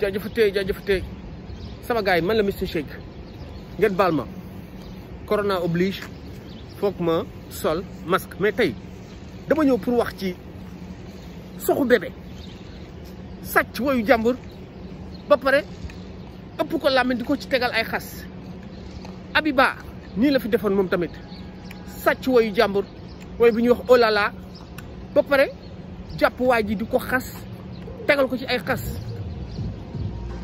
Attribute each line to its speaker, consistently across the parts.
Speaker 1: jaajëfatee jaajëfatee sama gaay yi man la Mister Shake ngeen baal ma corona oblige foog ma sol masque mais tey dama ñëw pour wax ci soxu bébé sàcc woyu jàmbur ba pare ëpp ko làmmiñ di ko ci tegal ay xas Abiba nii la fi defoon moom tamit sàcc woyu jàmbur woy bi ñuy wax olala ba pare jàpp waa ji di ko xas tegal ko ci ay xas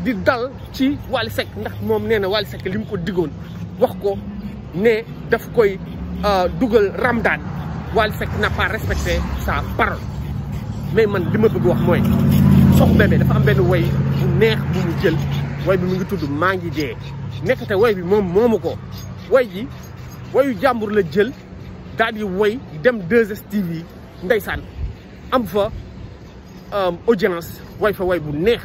Speaker 1: di dal ci Wally Seck ndax moom nee na Wally Seck li mu ko diggoon wax ko ne daf koy euh, dugal ramdaan Wally Seck n'a pas respecté sa parole mais man li ma bëgg wax mooy Sokh Bébé dafa am benn woy bu neex bu mu jël woy bi mu ngi tudd maa ngi dee nekkate woy bi moom moomu ko woy ji woyu jàmbur la jël daal di woy dem 2STV yi am fa euh, audience woy fa woy bu neex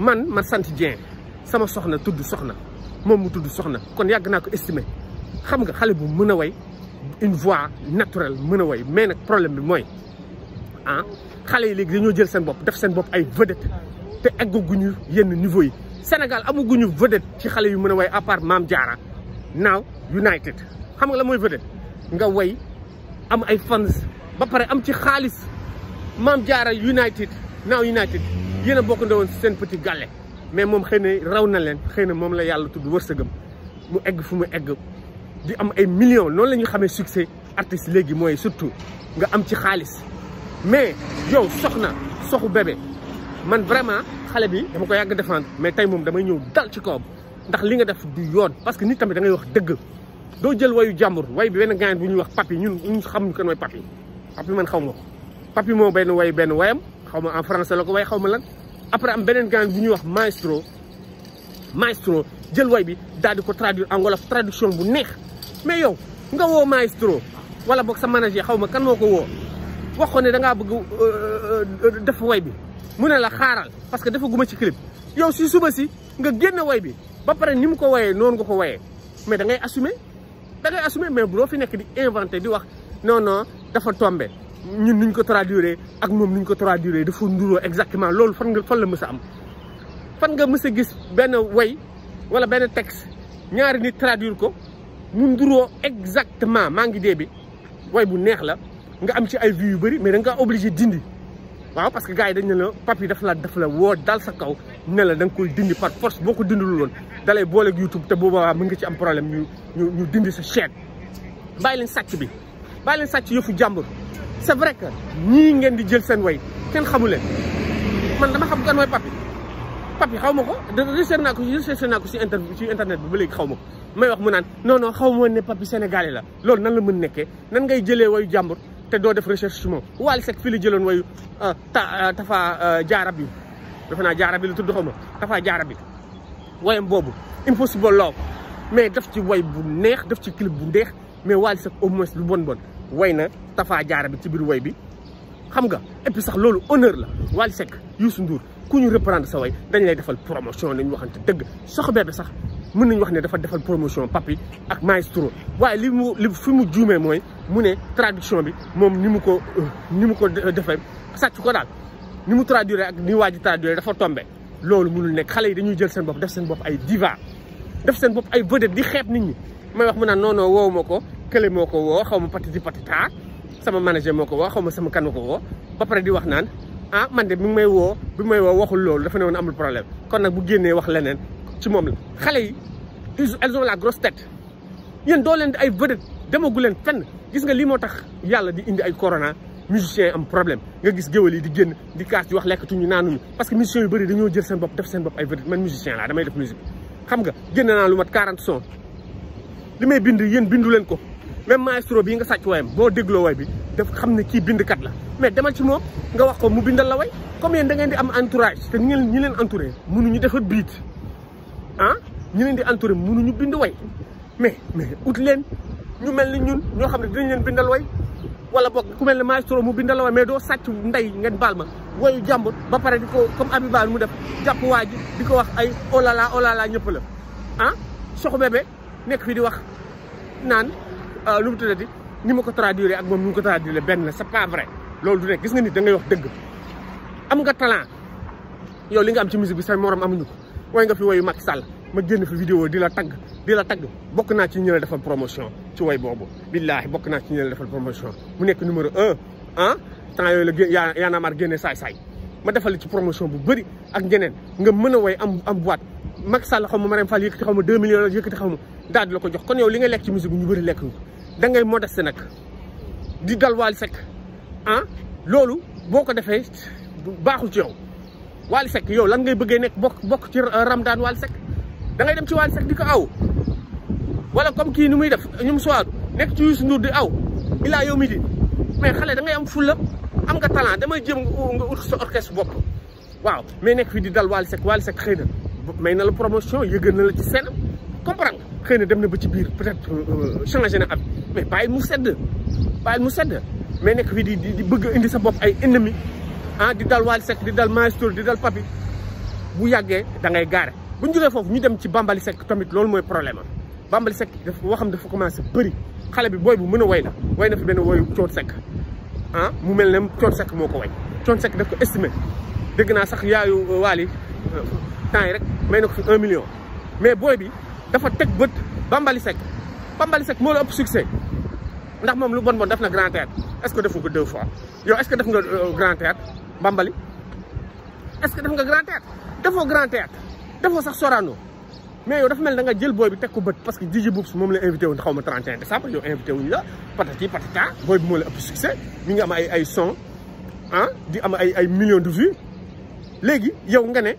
Speaker 1: man man sant bien. sama soxna tudd soxna mom mu tudd soxna kon yag nako ko estimer xam nga xalé bu meuna way une voix naturelle meuna way mais nak problème bi moy ah xalé yi léegi jël sen bop def sen bop ay vedette te eggaguñu yenn niveau yi Sénégal amuguñu vedette ci xalé yu meuna way à part now United xam nga la moy vedette nga way am ay fans ba paré am ci xaalis mam diara United now United y a bokk petit mais moom xëy raw na est xëy na la yàlla tudd wërsëgam mu egg fu egg di am ay millions noonu la succès artiste léegi mooy surtout nga am ci xaalis mais yow soxna soxu bébé man vraiment xale bi dama ko mais tey moom damay ñëw dal ci kawam ndax li nga def du yoon parce que nit tamit da ngay wax dëgg doo jël wayu jàmbur way bi benn gaañ bu wax papi ñun papi papi man papi way wayam xawma en français lako way xawma lan après am benen gang bu ñu wax maestro maestro jël way bi dal di ko traduire en wolof traduction bu neex mais yow nga wo maestro wala bok sa manager xawma kan moko wo woo wax ko ne da nga bëgg euh, euh, def way bi mu ne la xaaral parce que dafa guma ci clip yow si suba si nga génn way bi ba paré ni ko wayé non nga ko wayé mais da ngay assumer da ngay assumer mais bu doo fi nek di inventer di wax non non dafa tomber ñun nuñ ko traduire ak moom nuñ ko traduire dafa nduroo exactement loolu fan nga fan la mës am fan nga mës a gis benn way wala benn texte ñaari nit traduire ko mu nduroo exactement maa ngi dee bi way bu neex la nga am ci ay vues yu bëri mais da nga obligé dindi waaw parce que gars yi dañ ne la papi dafa la dafa la woo dal sa kaw ne la da nga koy dindi par force boo ko dindilul woon da lay booleeg YouTube te boobaa mën nga ci am problème ñu ñu dindi sa chaîne bàyyi leen sàcc bi bàyyi leen sàcc yëfu c'est vrai que ñii ngeen di jël seen way kenn xamu leen man dama xam kan mooy papi papi xaw ma ko de recherche naa ko recherche naa ko ci inter ci internet bi ba léegi xaw ma ko may wax mu naan non non xaw ma ne papi sénégalais la loolu nan la mën nekkee nan ngay jëlee wayu jàmbur te doo def recherche moom Wally Seck fii la jëloon wayu euh, ta euh, tafa jaara euh, bi dafa naa jaara bi la tudd xaw ma tafa jaara bi wayam boobu impossible love mais def ci way bu neex def ci clip bu neex mais Wally Seck moins lu bon bon way na Tafa Jaara bi ci biir woy bi xam nga et sax loolu honneur la Wally Seck Youssou Ndour ku ñu reprendre sa way dañ lay defal promotion nañu waxante dëgg soxbee bi sax mën nañu wax ne dafa defal promotion papi ak maestro waaye li mu li fi mu juumee mooy mu ne traduction bi moom ni mu ko ni mu ko defee sàcc ko daal ni mu traduire ak ni waa ji traduire dafa tombe loolu mënul nekk xale yi dañuy jël seen bopp def seen bopp ay diva def seen bopp ay vedette di xeeb nit ñi may wax mu naan non non ko kele moko wo xawma xaw di patati patata sama manager moko wo xawma sama kan moko wo ba pare di wax nan ah man de mi ngi may wo bi may woo waxul lol dafa ne amul problème kon nak bu génnee wax lenen ci mom la xalé yi elles ont la grosse tête yeen do len ay vedette demagu len fenn gis nga li motax yalla di indi ay corona musicien am problème nga gis géwél yi di génn di kaas di wax lekkatuñu nanu parce que musicien yu bari dañu jël seen bop def seen bop ay vedette man musicien la damay def musique xam nga génn na lu mat 40 son limay bind yeen bindu ko même maestro bi nga sàcc wayam boo dégloo way bi daf xam ne kii bindkat la mais demal ci moom nga wax ko mu bindal la way comme yéen da ngeen di am entourage te ñu ñi leen entouré mënuñu defar biit ah ñu leen di entouré mënuñu bind woy mais mais ut leen ñu mel ni ñun ñoo xam ne dinañ leen bindal way wala boog ku mel ne maestro mu bindal la way mais doo sàcc ndey ngeen baal ma wayu jàmbur ba pare di ko comme Abiba mu def jàpp waa ji di ko wax ay olala oh oh ñëpp la ah soxo bébé nekk fi di wax Ah, lu mu tuddati ni ma ko traduire ak moom ni mu ko traduire benn la c'est pas vrai loolu du nekk gis nga nit da ngay wax dëgg am nga talent yow li nga am ci musique bi seen morom amuñu ko way nga fi wayu Macky Sall ma génn fi vidéo di la tagg di la tagg bokk naa ci ñu la defal promotion boobu billaahi bokk naa ci ñu la defal promotion nekk numéro un ah temps yooyu la gén yaa yaa naa maar génne saay-saay ma defal ci promotion bu bëri ak ñeneen nga mën a way am am boîte Macky Sall xaw ma Marème Fall yëkkati xaw ma deux millions yëkkati xaw ma daal di la ko jox kon yow li nga lekk ci musique bi ñu bëri lekk da ngay modesté nak di dal Wally sek ah loolu boko defé defee ci yow Wally sek yow lan ngay bëggé nek bok bok ci ramadan Wally sek da ngay dem ci Wally sek di aw wala comme ki numuy def ñum soir nek ci yusu ndur di aw ila yow mais xalé da ngay am fulla am nga talent dama jëm nga ut sa orchestre nek waaw mais nek fi di dal Wally sek Wally sek xeyna may na la promotion yëgal la ci comprendre xëy na dem na ba ci biir peut-être euh, euh, changé na ab mais bàyyil mu sedd bàyyil mu sedd mais nekk fii di di bëgg indi sa bopp ay ennemi ah di dal Wally Seck di dal Maestro di dal Papi bu yàggee da ngay gaare bu ñu jógee foofu ñu dem ci Bambali sekk tamit loolu mooy problème am Bambali Seck dafa waxam dafa commencé bëri xale bi booy bu mën a way la way na fi benn woyu Thione Seck ah mu mel ne Thione Seck moo ko way Thione Seck daf ko estimé dégg naa sax yaayu Wally euh, temps yi rek na ko fi dafa teg bët Bambali Seck Bambali Seck moo la ëpp succès ndax moom lu bon bon def na grand théâtre est-ce que defu ko fois yow est que def nga euh, grand théâtre Bambali est-ce que def nga grand théâtre defoo grand théâtre defoo sax Sorano mais yow dafa mel na nga jël booy bi teg ko bët parce que Djidji Boubs moom la invité woon xaw ma 31 décembre yow invité wuñu la patati patata booy bi moo la ëpp succès mi ngi am ay ay son ah di am ay ay millions de vues léegi yow nga ne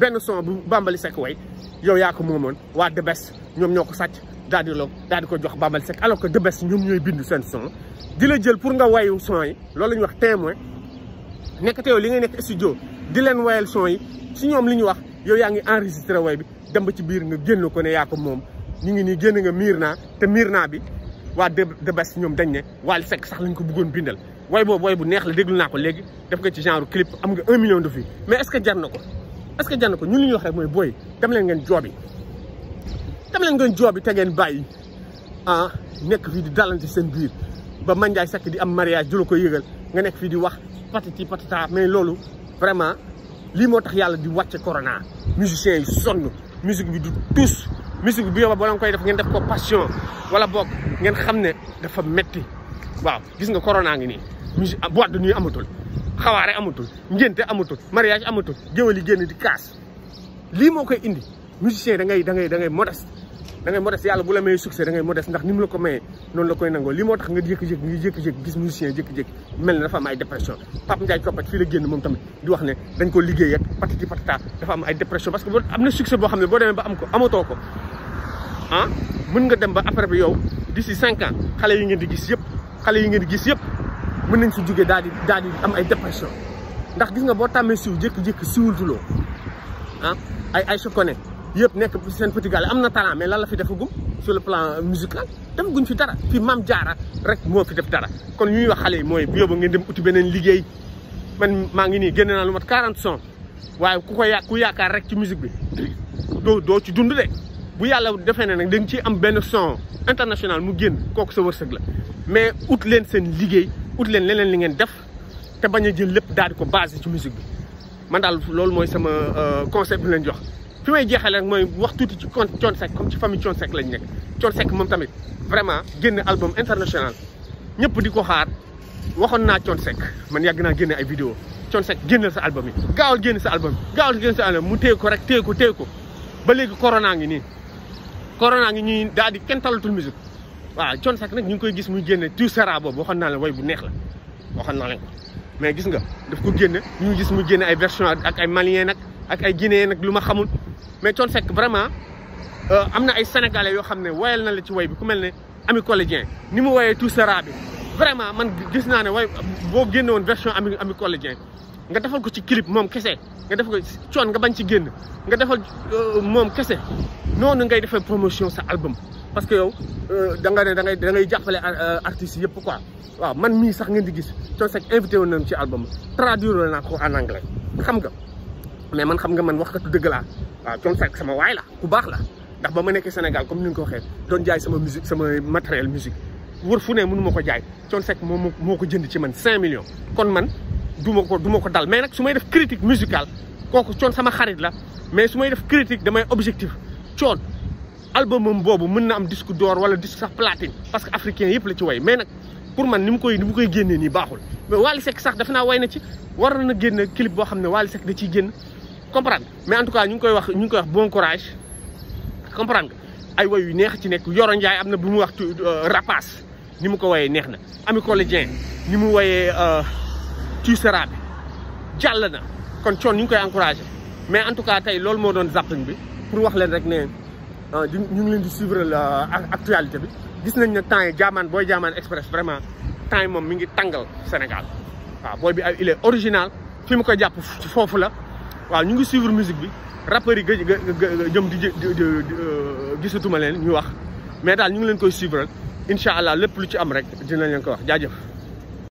Speaker 1: benn son bu Bambali Seck way yow yaa ko moomoon waa Debes ñoom ñoo ko sàcc daal di la daal ko jox Bambal Seck alors que Debes ñoom ñooy bindu seen son di la jël pour nga wayu son loolu la ñuy wax témoin nekkate yow li ngay nekk studio di leen wayal son yi si ñoom li ñu wax yow yaa ngi enregistré way bi dem ba ci biir nga génn ko ne yaa ko moom ñu ngi ni génn nga miir naa te miir naa bi waa Debes ñoom dañ ne Wally Seck sax lañ ko buggoon bindal way boobu way bu neex la déglu naa ko léegi def nga ci genre clip am nga un million de vues mais est-ce est-ce que jàng ñun li wax rek moy boy dem leen ngeen jobi dem leen ngeen jobi te ngeen bàyyi ah nek fi di dalante seen biir ba Mandiaye sak di am mariage du ko yegal nga nek fi di wax patati patata mais lolu vraiment li motax yalla di wacce corona musiciens yi sonn musique bi du tous musique bi yow boo koy def ngeen def ko passion wala bok, ngeen xamne dafa metti waaw gis nga corona ngi ni ah, boîte de nuit amatul xawaare amatul ngénte amatul mariage amatul djewali genn di kaas li mo koy indi musicien da ngay da ngay da ngay modest da ngay modest yalla bu la may succès da ngay modest ndax ni la ko may non la koy nango li motax nga jek jek ngi jek jek gis musicien jek jek mel ne dafa am ay dépression ndjay ko pat fi la genn mom tamit di wax ne dañ ko liggéey ak patati patata dafa am ay dépression parce que amna succès bo xamné bo démé ba am ko ko ah mën nga dem ba après bi yow d'ici 5 ans xalé yi ngeen di gis yépp xalé yi ngeen di gis yépp mun nañ si jógee daal di daal am ay dépression ndax gis nga boo tàmmee siw jékki-jékki siwultuloo ah ay ay Sokoné yëpp nekk seen petit am na talent mais lan la fi defagum sur le plan euh, musical guñ fi dara fii Mame Diarra rek moo fi def dara kon ñuy wax xale yi mooy bu yóbbu ngeen dem uti beneen liggéey man maa ngi nii génne naa lu mat 40 son waaye ku ko ya yaakaar rek ci musique bi doo doo ci dund de bu yàlla defee ne nag da nga am benn son international mu génn kooku sa wërsëg la mais ut leen seen liggéey ut leen leneen li ngeen def te bañ a jël lépp daal di ko basé ci musique bi man daal loolu mooy sama euh, conseil bi leen jox fi may jeexale rek mooy wax tuuti ci Thione Seck comme ci famille Thione lañ nekk Thione Seck moom tamit vraiment génne album international ñëpp di ko xaar waxoon naa Thione Seck man yàgg naa génne ay vidéo Thione Seck génneel sa album yi gaawal génn sa album yi gaawal génne sa album mu téye ko rek téye ko téye ko ba léegi corona ngi nii corona ngi ñuy daal di kenn talatul musique waaw Thione Seck nag ñu ngi koy gis muy génne tout sera boobu waxoon naa la way bu neex la waxoon naa leen ko mais gis nga daf ko génne ñu gis mu génne ay version ak ay malien nag ak ay guinéen nag lu ma xamul mais Thione Seck vraiment euh, am na ay sénégalais yoo xam ne woyal na la ci way bi ku mel ne Ami Collé ni mu woyee tout sera bi vraiment man gis naa ne way boo génne woon version Ami Ami Collé Dieng nga defal ko ci clip moom kese nga def ko nga bañ ci génn nga defal euh, moom kese noonu ngay defee promotion sa album parce que yow euh, da nga ne da ngay da ngay jàppale euh, artistes yëpp quoi waaw man mii sax nga di gis coon sax invité woon nañu ci album traduire naa ko en xam nga mais man xam nga man wax katu dëgg laa waaw coon sama waay la ku baax la ndax ba ma nekkee Sénégal comme ni nga ko waxee doon jaay sama musique sama matériel musique wër fu ne mënu ko jaay coon sax moo moo ko jënd ci man cinq millions kon man du ma ko du ko dal mais nak sumay def critique musicale koku chon sama xarit la mais sumay def critique damay objectif coon albumum bobu meuna am disque d'or wala disque sax platine parce que africain yep la ci way mais nak pour man ni koy nim koy guenné ni baxul mais Wally Seck sax dafa way na ci waroon na génn clip bo xamné ne Wally da ci génn comprendre mais en tout cas ñu koy wax ñu koy wax bon courage comprendre ay wayu neex ci nek Yoro nday amna bu mu wax euh, rapace nim ko waye neexna Ami collégien nim mu waye euh ci sera bi jàll na kon coon ñu ngi koy encouragé mais en tout cas tey loolu moo doon zapping bi pour wax leen rek ne ah, ñu ngi leen di suivre la actualité bi gis nañ ne temps yi jaamaan booy jaamaan express vraiment temps yi moom mi ngi tàngal Sénégal waaw booy bi ay il est original fi mu ko jàpp foofu la waaw ñu ngi suivre musique bi rappeurs yi gë jëm di euh, gisatuma leen ñu wax mais daal ñu ngi leen koy suivre incha allah lép lu ci am rek dinañ leen ko wax jaajëf.